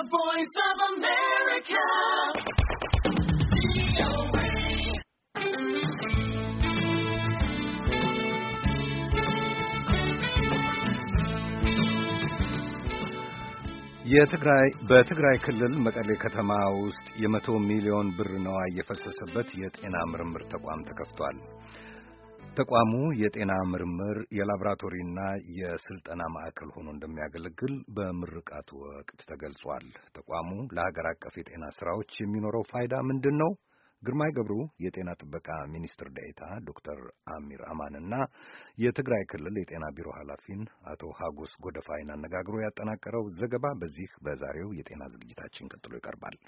የትግራይ በትግራይ ክልል መቀሌ ከተማ ውስጥ የመቶ ሚሊዮን ብር ነዋ የፈሰሰበት የጤና ምርምር ተቋም ተከፍቷል። ተቋሙ የጤና ምርምር የላብራቶሪና የስልጠና ማዕከል ሆኖ እንደሚያገለግል በምርቃቱ ወቅት ተገልጿል። ተቋሙ ለሀገር አቀፍ የጤና ስራዎች የሚኖረው ፋይዳ ምንድን ነው? ግርማይ ገብሩ የጤና ጥበቃ ሚኒስትር ዴኤታ ዶክተር አሚር አማንና የትግራይ ክልል የጤና ቢሮ ኃላፊን አቶ ሀጎስ ጎደፋይን አነጋግሮ ያጠናቀረው ዘገባ በዚህ በዛሬው የጤና ዝግጅታችን ቀጥሎ ይቀርባል።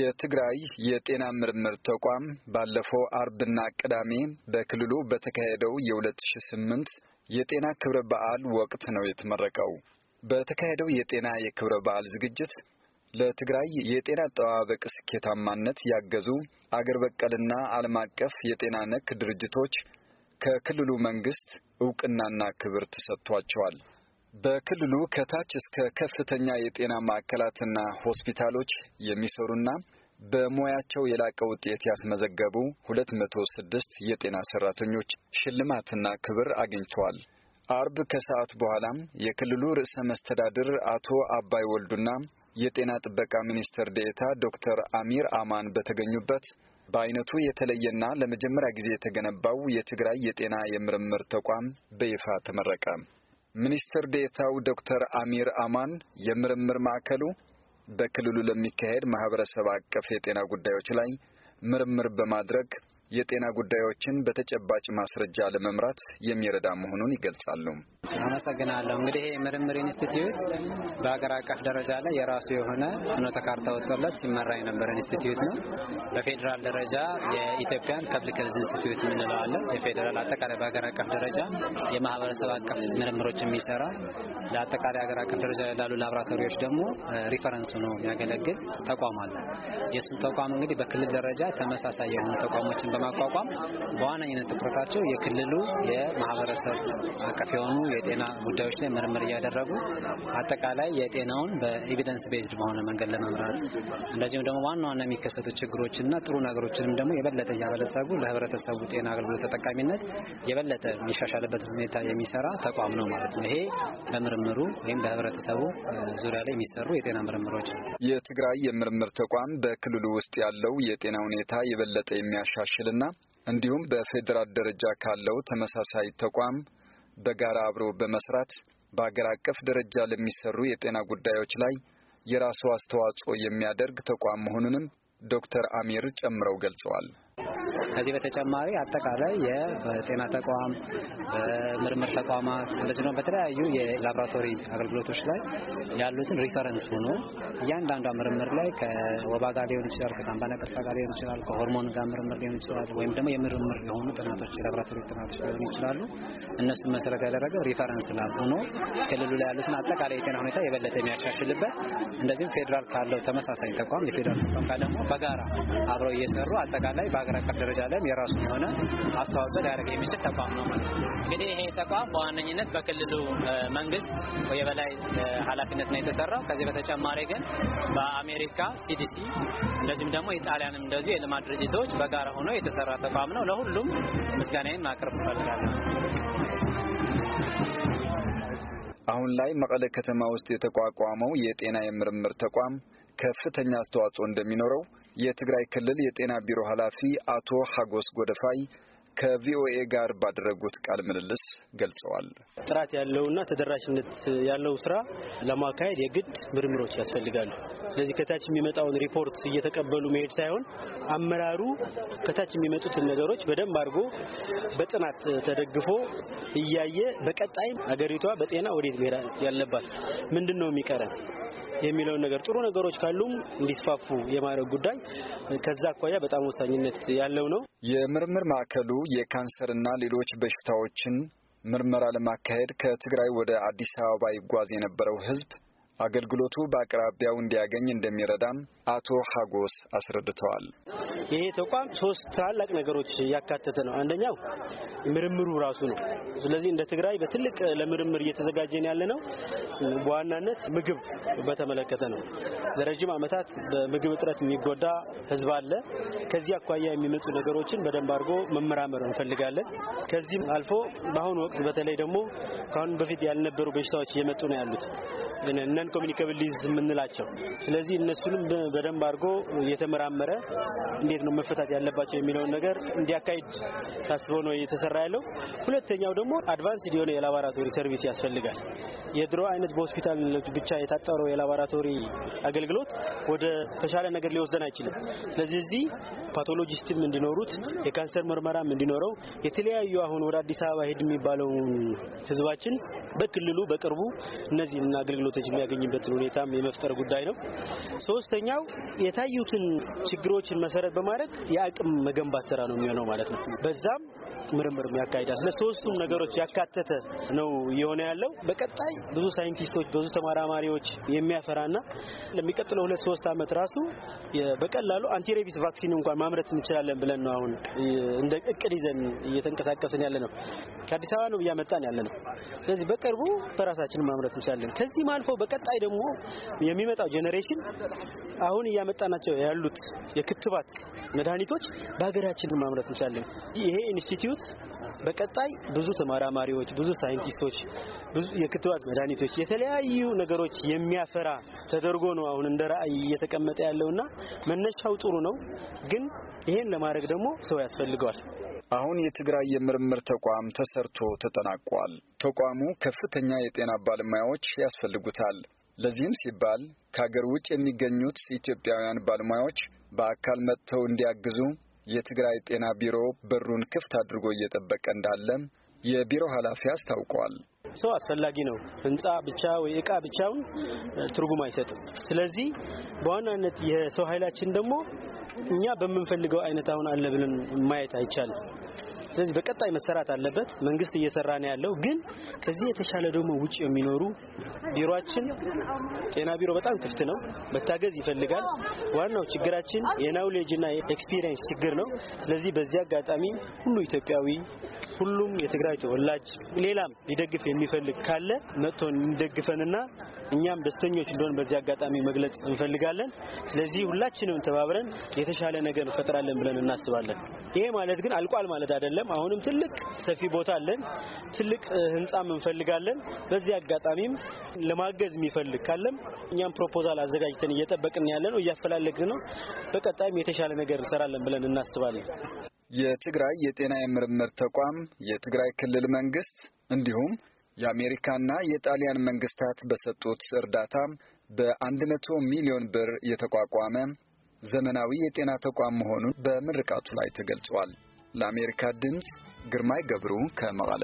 የትግራይ የጤና ምርምር ተቋም ባለፈው አርብና ቅዳሜ በክልሉ በተካሄደው የ2008 የጤና ክብረ በዓል ወቅት ነው የተመረቀው። በተካሄደው የጤና የክብረ በዓል ዝግጅት ለትግራይ የጤና አጠባበቅ ስኬታማነት ያገዙ አገር በቀልና ዓለም አቀፍ የጤና ነክ ድርጅቶች ከክልሉ መንግስት እውቅናና ክብር ተሰጥቷቸዋል። በክልሉ ከታች እስከ ከፍተኛ የጤና ማዕከላትና ሆስፒታሎች የሚሰሩና በሙያቸው የላቀ ውጤት ያስመዘገቡ 206 የጤና ሰራተኞች ሽልማትና ክብር አግኝተዋል። አርብ ከሰዓት በኋላም የክልሉ ርዕሰ መስተዳድር አቶ አባይ ወልዱና የጤና ጥበቃ ሚኒስትር ዴኤታ ዶክተር አሚር አማን በተገኙበት በአይነቱ የተለየና ለመጀመሪያ ጊዜ የተገነባው የትግራይ የጤና የምርምር ተቋም በይፋ ተመረቀ። ሚኒስትር ዴታው ዶክተር አሚር አማን የምርምር ማዕከሉ በክልሉ ለሚካሄድ ማህበረሰብ አቀፍ የጤና ጉዳዮች ላይ ምርምር በማድረግ የጤና ጉዳዮችን በተጨባጭ ማስረጃ ለመምራት የሚረዳ መሆኑን ይገልጻሉ። አመሰግናለሁ። እንግዲህ ይህ ምርምር ኢንስቲትዩት በሀገር አቀፍ ደረጃ ላይ የራሱ የሆነ ፍኖተ ካርታ ወጥቶለት ሲመራ የነበረ ኢንስቲትዩት ነው። በፌዴራል ደረጃ የኢትዮጵያን ፐብሊክ ሄልዝ ኢንስቲትዩት የምንለዋለን። የፌዴራል አጠቃላይ በሀገር አቀፍ ደረጃ የማህበረሰብ አቀፍ ምርምሮች የሚሰራ ለአጠቃላይ ሀገር አቀፍ ደረጃ ላሉ ላብራቶሪዎች ደግሞ ሪፈረንስ ነው የሚያገለግል ተቋም አለ። የእሱን ተቋም እንግዲህ በክልል ደረጃ ተመሳሳይ የሆኑ ተቋሞችን ለማቋቋም በዋነኝነት ትኩረታቸው የክልሉ የማህበረሰብ አቀፍ የሆኑ የጤና ጉዳዮች ላይ ምርምር እያደረጉ አጠቃላይ የጤናውን በኤቪደንስ ቤዝድ በሆነ መንገድ ለመምራት እንደዚሁም ደግሞ ዋና ዋና የሚከሰቱ ችግሮችና ጥሩ ነገሮችንም ደግሞ የበለጠ እያበለጸጉ ለህብረተሰቡ ጤና አገልግሎት ተጠቃሚነት የበለጠ የሚሻሻልበት ሁኔታ የሚሰራ ተቋም ነው ማለት ነው። ይሄ በምርምሩ ወይም በህብረተሰቡ ዙሪያ ላይ የሚሰሩ የጤና ምርምሮች ነው። የትግራይ የምርምር ተቋም በክልሉ ውስጥ ያለው የጤና ሁኔታ የበለጠ የሚያሻሽል በግልና እንዲሁም በፌዴራል ደረጃ ካለው ተመሳሳይ ተቋም በጋራ አብሮ በመስራት በአገር አቀፍ ደረጃ ለሚሰሩ የጤና ጉዳዮች ላይ የራሱ አስተዋጽኦ የሚያደርግ ተቋም መሆኑንም ዶክተር አሚር ጨምረው ገልጸዋል። ከዚህ በተጨማሪ አጠቃላይ የጤና ተቋም፣ ምርምር ተቋማት እንደዚህ ነው በተለያዩ የላብራቶሪ አገልግሎቶች ላይ ያሉትን ሪፈረንስ ሆኖ እያንዳንዷ ምርምር ላይ ከወባ ጋር ሊሆን ይችላል፣ ከሳምባ ነቀርሳ ጋር ሊሆን ይችላል፣ ከሆርሞን ጋር ምርምር ሊሆን ይችላል፣ ወይም ደግሞ የምርምር የሆኑ ጥናቶች የላቦራቶሪ ጥናቶች ሊሆኑ ይችላሉ። እነሱን መሰረት ያደረገ ሪፈረንስ ላብ ሆኖ ክልሉ ላይ ያሉትን አጠቃላይ የጤና ሁኔታ የበለጠ የሚያሻሽልበት እንደዚሁም ፌዴራል ካለው ተመሳሳይ ተቋም የፌዴራል ተቋም ጋር ደግሞ በጋራ አብረው እየሰሩ አጠቃላይ በሀገር አቀፍ ደረጃ ላይም የራሱን የሆነ አስተዋጽኦ ሊያደርግ የሚችል ተቋም ነው ማለት ነው። እንግዲህ ይሄ ተቋም በዋነኝነት በክልሉ መንግስት የበላይ ኃላፊነት ነው የተሰራው። ከዚህ በተጨማሪ ግን በአሜሪካ ሲዲሲ እንደዚሁም ደግሞ ኢጣሊያንም እንደዚሁ የልማት ድርጅቶች በጋራ ሆኖ የተሰራ ተቋም ነው። ለሁሉም ምስጋናዬን ማቅረብ እፈልጋለሁ። አሁን ላይ መቀለ ከተማ ውስጥ የተቋቋመው የጤና የምርምር ተቋም ከፍተኛ አስተዋጽኦ እንደሚኖረው የትግራይ ክልል የጤና ቢሮ ኃላፊ አቶ ሀጎስ ጎደፋይ ከቪኦኤ ጋር ባደረጉት ቃለ ምልልስ ገልጸዋል። ጥራት ያለውና ተደራሽነት ያለው ስራ ለማካሄድ የግድ ምርምሮች ያስፈልጋሉ። ስለዚህ ከታች የሚመጣውን ሪፖርት እየተቀበሉ መሄድ ሳይሆን አመራሩ ከታች የሚመጡትን ነገሮች በደንብ አድርጎ በጥናት ተደግፎ እያየ በቀጣይ አገሪቷ በጤና ወዴት መሄድ ያለባት ምንድን ነው የሚቀረን የሚለውን ነገር ጥሩ ነገሮች ካሉም እንዲስፋፉ የማድረግ ጉዳይ ከዛ አኳያ በጣም ወሳኝነት ያለው ነው። የምርምር ማዕከሉ የካንሰርና ሌሎች በሽታዎችን ምርመራ ለማካሄድ ከትግራይ ወደ አዲስ አበባ ይጓዝ የነበረው ህዝብ አገልግሎቱ በአቅራቢያው እንዲያገኝ እንደሚረዳም አቶ ሀጎስ አስረድተዋል። ይሄ ተቋም ሶስት ታላላቅ ነገሮች ያካተተ ነው። አንደኛው ምርምሩ ራሱ ነው። ስለዚህ እንደ ትግራይ በትልቅ ለምርምር እየተዘጋጀን ያለ ነው። በዋናነት ምግብ በተመለከተ ነው። ለረጅም ዓመታት በምግብ እጥረት የሚጎዳ ህዝብ አለ። ከዚህ አኳያ የሚመጡ ነገሮችን በደንብ አድርጎ መመራመር እንፈልጋለን። ከዚህም አልፎ በአሁኑ ወቅት በተለይ ደግሞ ከአሁን በፊት ያልነበሩ በሽታዎች እየመጡ ነው ያሉት ኮሚኒኬብል ዲዚዝ የምንላቸው። ስለዚህ እነሱንም በደንብ አድርጎ የተመራመረ እንዴት ነው መፈታት ያለባቸው የሚለውን ነገር እንዲያካሂድ ታስቦ ነው እየተሰራ ያለው። ሁለተኛው ደግሞ አድቫንስድ የሆነ የላቦራቶሪ ሰርቪስ ያስፈልጋል። የድሮ አይነት በሆስፒታሎች ብቻ የታጠረው የላቦራቶሪ አገልግሎት ወደ ተሻለ ነገር ሊወስደን አይችልም። ስለዚህ እዚህ ፓቶሎጂስትም እንዲኖሩት የካንሰር ምርመራም እንዲኖረው የተለያዩ አሁን ወደ አዲስ አበባ ሄድ የሚባለውን ህዝባችን በክልሉ በቅርቡ እነዚህን አገልግሎቶች የሚያገኙ የሚገኝበትን ሁኔታም የመፍጠር ጉዳይ ነው። ሶስተኛው የታዩትን ችግሮችን መሰረት በማድረግ የአቅም መገንባት ስራ ነው የሚሆነው ማለት ነው። በዛም ምርምር ያካሂዳል። ስለ ሶስቱም ነገሮች ያካተተ ነው የሆነ ያለው። በቀጣይ ብዙ ሳይንቲስቶች፣ ብዙ ተመራማሪዎች የሚያፈራና ለሚቀጥለው ሁለት ሶስት ዓመት ራሱ በቀላሉ አንቲሬቢስ ቫክሲን እንኳን ማምረት እንችላለን ብለን ነው አሁን እንደ እቅድ ይዘን እየተንቀሳቀስን ያለ ነው። ከአዲስ አበባ ነው እያመጣን ያለ ነው። ስለዚህ በቅርቡ በራሳችን ማምረት እንችላለን። ከዚህም አልፎ በቀ ቀጣይ ደግሞ የሚመጣው ጄኔሬሽን አሁን እያመጣናቸው ያሉት የክትባት መድኃኒቶች በሀገራችን ማምረት እንችላለን። ይሄ ኢንስቲትዩት በቀጣይ ብዙ ተመራማሪዎች፣ ብዙ ሳይንቲስቶች፣ ብዙ የክትባት መድኃኒቶች፣ የተለያዩ ነገሮች የሚያፈራ ተደርጎ ነው አሁን እንደ ራዕይ እየተቀመጠ ያለውና መነሻው ጥሩ ነው፣ ግን ይሄን ለማድረግ ደግሞ ሰው ያስፈልገዋል። አሁን የትግራይ የምርምር ተቋም ተሰርቶ ተጠናቋል። ተቋሙ ከፍተኛ የጤና ባለሙያዎች ያስፈልጉታል። ለዚህም ሲባል ከአገር ውጭ የሚገኙት ኢትዮጵያውያን ባለሙያዎች በአካል መጥተው እንዲያግዙ የትግራይ ጤና ቢሮ በሩን ክፍት አድርጎ እየጠበቀ እንዳለም። የቢሮ ኃላፊ አስታውቋል። ሰው አስፈላጊ ነው። ህንጻ ብቻ ወይ እቃ ብቻውን ትርጉም አይሰጥም። ስለዚህ በዋናነት የሰው ኃይላችን ደግሞ እኛ በምንፈልገው አይነት አሁን አለ ብለን ማየት አይቻልም። ስለዚህ በቀጣይ መሰራት አለበት። መንግስት እየሰራ ነው ያለው። ግን ከዚህ የተሻለ ደግሞ ውጭ የሚኖሩ ቢሮአችን ጤና ቢሮ በጣም ክፍት ነው፣ መታገዝ ይፈልጋል። ዋናው ችግራችን የናውሌጅ እና የኤክስፒሪየንስ ችግር ነው። ስለዚህ በዚህ አጋጣሚ ሁሉ ኢትዮጵያዊ፣ ሁሉም የትግራይ ተወላጅ፣ ሌላም ሊደግፍ የሚፈልግ ካለ መጥቶ እንደግፈንና እኛም ደስተኞች እንደሆን በዚህ አጋጣሚ መግለጽ እንፈልጋለን። ስለዚህ ሁላችንም ተባብረን የተሻለ ነገር እንፈጥራለን ብለን እናስባለን። ይሄ ማለት ግን አልቋል ማለት አይደለም። አይደለም። አሁንም ትልቅ ሰፊ ቦታ አለን፣ ትልቅ ህንጻም እንፈልጋለን። በዚህ አጋጣሚም ለማገዝ የሚፈልግ ካለም እኛም ፕሮፖዛል አዘጋጅተን እየጠበቅን ያለን እያፈላለግን ነው። በቀጣይም የተሻለ ነገር እንሰራለን ብለን እናስባለን። የትግራይ የጤና የምርምር ተቋም፣ የትግራይ ክልል መንግስት እንዲሁም የአሜሪካና የጣሊያን መንግስታት በሰጡት እርዳታ በ100 ሚሊዮን ብር የተቋቋመ ዘመናዊ የጤና ተቋም መሆኑን በምርቃቱ ላይ ተገልጿል። ለአሜሪካ ድምፅ ግርማይ ገብሩ ከመቀለ።